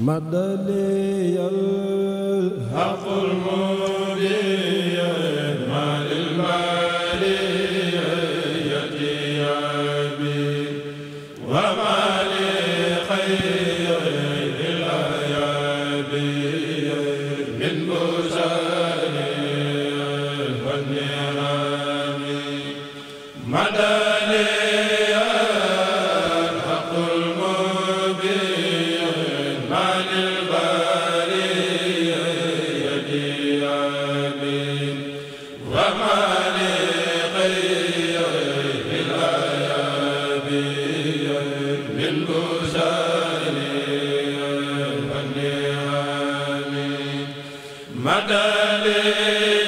مدني الحق المبين ما للبالية يبي وما لخير الأياب من بشار والنعم مدني matale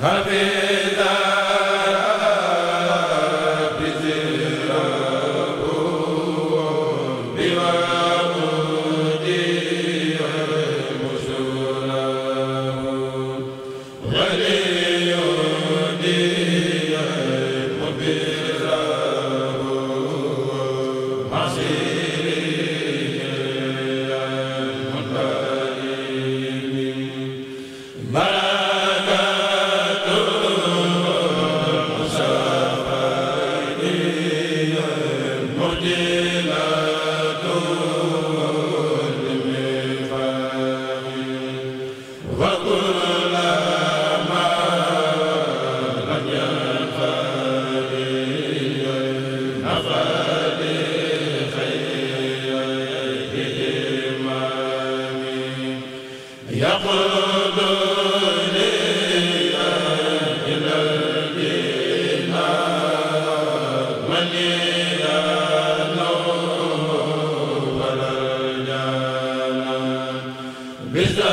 habe